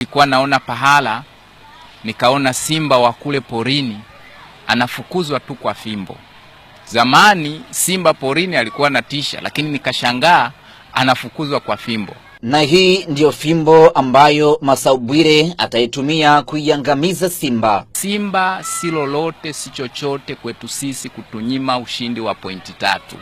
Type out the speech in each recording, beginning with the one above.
Nilikuwa naona pahala nikaona simba wa kule porini anafukuzwa tu kwa fimbo. Zamani simba porini alikuwa tisha lakini nikashangaa anafukuzwa kwa fimbo. Na hii ndiyo fimbo ambayo Masau Bwire ataitumia kuiangamiza simba. Simba si lolote, si chochote kwetu sisi kutunyima ushindi wa pointi tatu.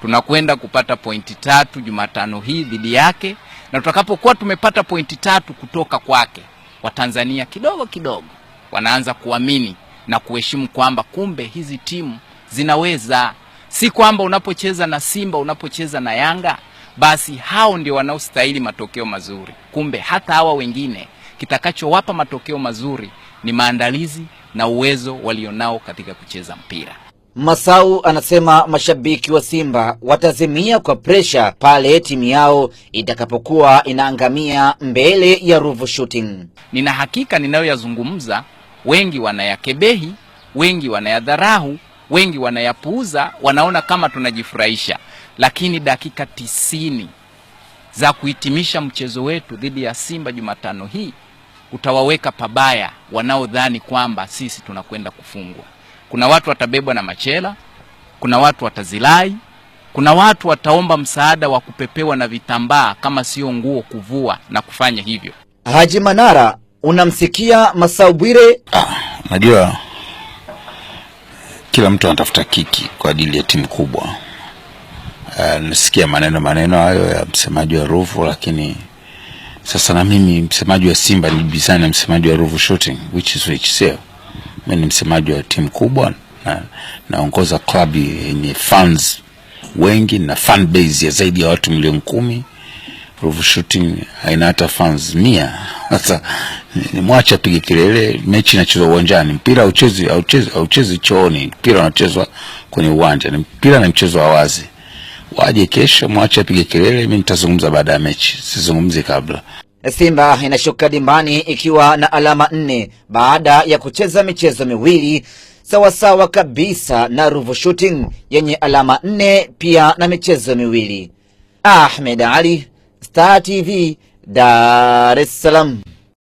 Tunakwenda kupata pointi tatu Jumatano hii dhidi yake na tutakapokuwa tumepata pointi tatu kutoka kwake, Watanzania kidogo kidogo wanaanza kuamini na kuheshimu kwamba kumbe hizi timu zinaweza, si kwamba unapocheza na Simba unapocheza na Yanga basi hao ndio wanaostahili matokeo mazuri. Kumbe hata hawa wengine kitakachowapa matokeo mazuri ni maandalizi na uwezo walionao katika kucheza mpira. Masau anasema mashabiki wa Simba watazimia kwa presha pale timu yao itakapokuwa inaangamia mbele ya Ruvu Shooting. Nina hakika ninayoyazungumza, wengi wanayakebehi, wengi wanayadharau, wengi wanayapuuza, wanaona kama tunajifurahisha, lakini dakika tisini za kuhitimisha mchezo wetu dhidi ya Simba Jumatano hii utawaweka pabaya wanaodhani kwamba sisi tunakwenda kufungwa. Kuna watu watabebwa na machela, kuna watu watazilai, kuna watu wataomba msaada wa kupepewa na vitambaa kama sio nguo kuvua na kufanya hivyo. Haji Manara, unamsikia Masaubwire. Ah, najua kila mtu anatafuta kiki kwa ajili ya timu kubwa. Uh, eh, nasikia maneno maneno hayo ya msemaji wa Ruvu, lakini sasa na mimi msemaji wa Simba ni nibisana msemaji wa Ruvu Shooting which is which sio mi ni msemaji wa timu kubwa na naongoza klabu yenye fans wengi na fan base ya zaidi ya watu milioni kumi. Ruvu Shooting haina hata fans mia. Sasa nimwache apige kelele, mechi inachezwa uwanjani. Mpira auchezi hauchezi hauchezi chooni, mpira unachezwa kwenye uwanja. Ni mpira ni mchezo wa wazi. Waje kesho, mwache apige kelele, mimi nitazungumza baada ya mechi, sizungumzi kabla. Simba inashuka dimbani ikiwa na alama nne baada ya kucheza michezo miwili sawasawa kabisa na Ruvu Shooting yenye alama nne pia na michezo miwili. Ahmed Ali, Star TV, Dar es Salaam.